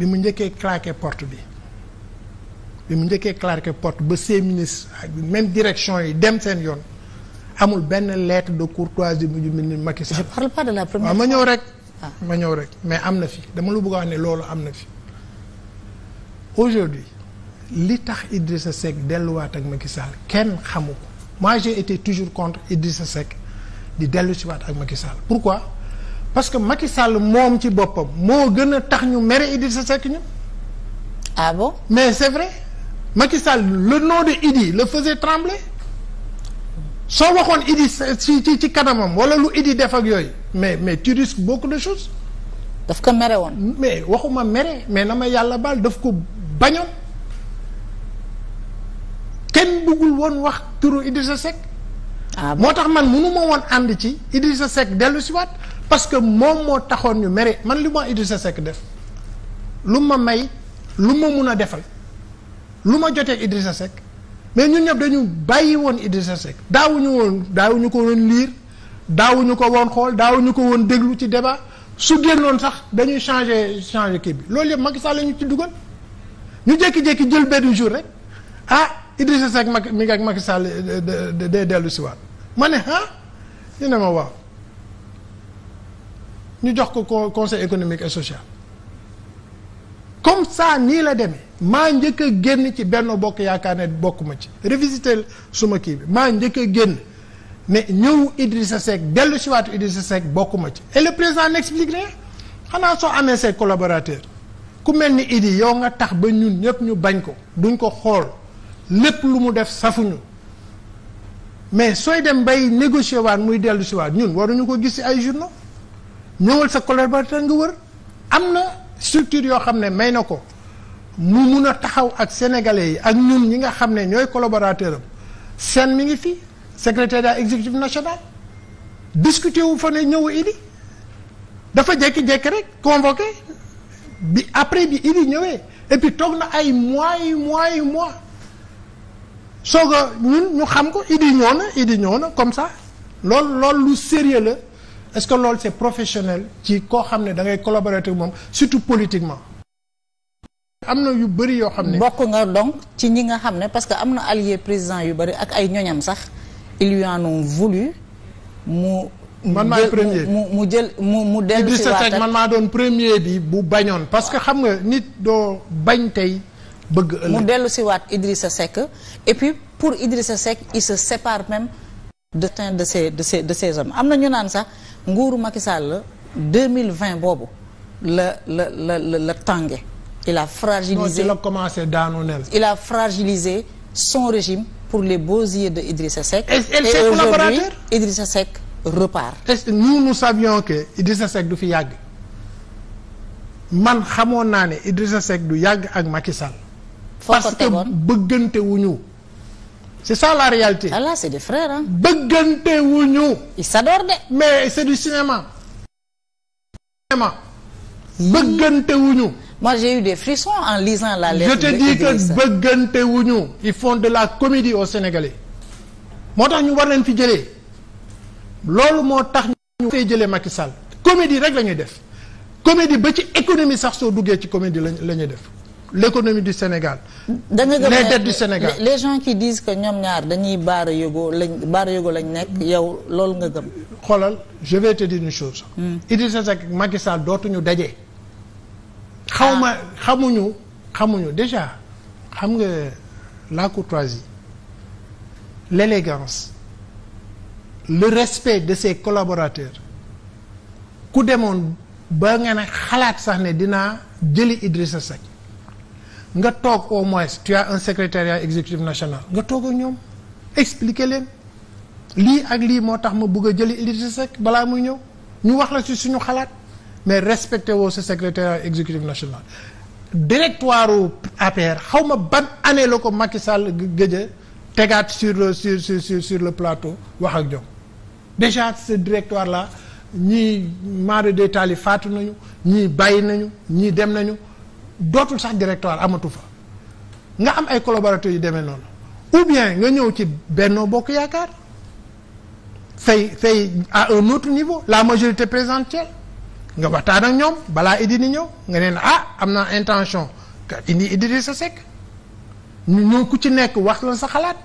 bi mu njëkkee claqué porte bi bi mu njëkkee claqué porte ba ses ministres ak même direction yi dem seen yoon amul benn lettre de courtoisie bu ñu bind Macky Sall. je parle pas de la ma ñëw rek. Ah. ma ñëw rek mais am na fi dama la bëgg a wax ne loolu am na fi aujourd'hui li tax Idrissa Seck delluwaat ak Macky kenn xamu ko moi j'ai été toujours contre Idrissa Seck di dellu si waat ak Macky Sall pourquoi. parce que Macky Sall moom ci boppam moo gën a tax ñu mere Idrissa Seck ñu. ah mais c'est vrai Macky Sall le nom de Idi le faisait trembler soo waxoon Idi ci ci ci kanamam wala lu Idi def ak yooyu mais mais tu risques beaucoup de choses. daf ko mere woon. mais waxuma mere mais na ma yàlla baal daf ko bañoon kenn buggul woon wax turu Idrissa Seck. Ah moo tax man mënu woon ànd ci sa Seck dellu si waat parce que moom moo taxoon ñu mere man li ma Idrissa Seck def lu ma may lu ma mun a defal lu ma joteeg Idrissa Seck mais ñun ñëpp dañu bàyyi woon Idrissa Seck daawuñu woon daawuñu ko woon daawuñu ko woon xool daawuñu ko woon déglu ci débat su génnoon sax dañuy changer changer kii bi loolu yëpp Macky Sall la ci dugal ñu jékki jël benn jour ah Idrissa Seck mi ak Macky Sall ma ne ah ñu ne ma waaw. ñu jox ko conseil économique et social comme saa nii la demee maa njëkk a génn ci benn bokk yaakaar ne bokk ma ci révisité suma kii bi maa njëkk a génn ne ñëw Idrissa Seck dellu si waatu Idrissa Seck bokk ma ci et le président n'explique rien xanaa soo amee ses collaborateurs ku mel ni Idi yow nga tax ba ñun ñëpp ñu bañ ko duñ ko xool lépp lu mu def safuñu mais sooy dem bay négocier waat muy dellu si waat ñun ñu ko gis ci ay journaux ñëwal sa collaborateur nga wër am na structure yoo xam ne may na ko mu mun a taxaw ak sénégalais yi ak ñun ñi nga xam ne ñooy collaborateur am seen mi ngi fi secrétariat exécutif national discuter wu fa ne ñëw idi dafa jékki-jékki rek convoqué bi après bi idi ñëwee et puis toog na ay mois yi mois yi mois soog a ñun ñu xam ko idi ñoo na idi ñëw na comme ça loolu loolu lu sérieux la est-ce que loolu c'est professionnel ci koo xam ne da ngay collaborer ak moom surtout politiquement. am na yu bëri yoo xam ne. bokk nga donc ci ñi nga xam ne parce que am na allié président yu bëri ak ay ñoñam sax ils lui en ont voulu mu. man maay premier mu mu jël mu mu dellu si waat man maa doon premier bi bu bañoon parce que xam nga nit doo bañ tey bëgg ëllëg. mu dellu si waat Idrissa Seck et puis pour Idrissa Seck il se sépare même de de ses de ses de ses am na ñu naan sax. nguuru Macky Sall la 2020 boobu la la la la la tànge il a fragilisé non, commencé daanu nel il a fragilisé pour les beaux de Idrissa Seck. et Seck repart. est-ce que nous nous savions que Idrissa Seck du fi yàgg man xamoon naa ne Idrissa Seck du yàgg ak Macky Sall. foo ko parce que bëggante wuñu c'est ça la réalité. ah là c'est des frères ah. bëggante wuñu. ils de. mais c'est du cinéma. bëggante wuñu. moi j'ai eu des frissons en la lettre. je te dis font de la comédie aux Sénégalais. moo tax ñu war leen fi jëlee. loolu moo tax ñu fay jëlee Macky Sall. comédie rek la ñuy def. comédie ba ci économie sax soo duggee ci comédie la ñuy def. l'économie du Sénégal. les dettes du Sénégal les gens qui disent que ñoom ñaar dañuy baara yógo lañ baara yógo lañ nekk yow loolu nga gëm. xoolal je vais te dire une chose. Hmm. Idrissa Seck ak Macky dootuñu daje. xaw ma ah. xamuñu xamuñu déjà xam nga la courtoisie l'élégance le respect de ses collaborateurs ku demoon ba nga ne xalaat sax ne dinaa jëli Idrissa Seck. nga toog au moins tu un secrétariat exécutif national nga toog ak ñoom expliquer leen lii ak lii moo tax ma bugg a jëli Idrissa Seck balaa muy ñëw ñu wax la ci suñu xalaat mais respecté woo sa secrétariat exécutif national directoire APR xaw ma ban année la ko sàll Sall gëjë tegaat sur le sur sur sur le plateau wax ak ñoom déjà ce directoire là ñii maara de taali faatu nañu ñii bàyyi nañu ñii dem nañu dootul sax directoire amatu fa nga am ay collaborateurs yu demee noonu ou bien nga ñëw ci Benno Bokk Yaakaar c'est c'est à un autre niveau la majorité présidentielle nga waxtaan ak ñoom balaa indi ni ñëw nga ne ah am naa intention que indi Idrissa Seck ñu ñëw ku ci nekk wax la sa xalaat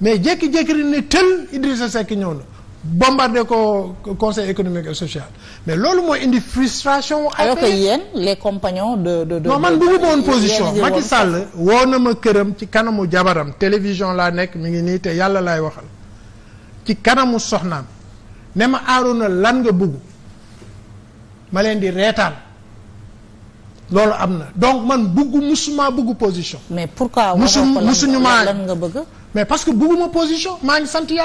mais jékki-jékki ne tël Idrissa Seck ñëw na. bombardé ko conseil économique et social mais loolu mooy indi frustration. alors que yéen les compagnons de de de. non man bëggu ma woon position Macky Sall woo na ma këram ci kanamu jabaram télévision laa nekk mi ngi nii te yàlla laay waxal ci kanamu soxnaam ne ma Arouna lan nga bëgg ma leen di reetaan loolu am na donc man bëggu musuma bëggu position. mais pourquoi musu position maa ngi sant yàlla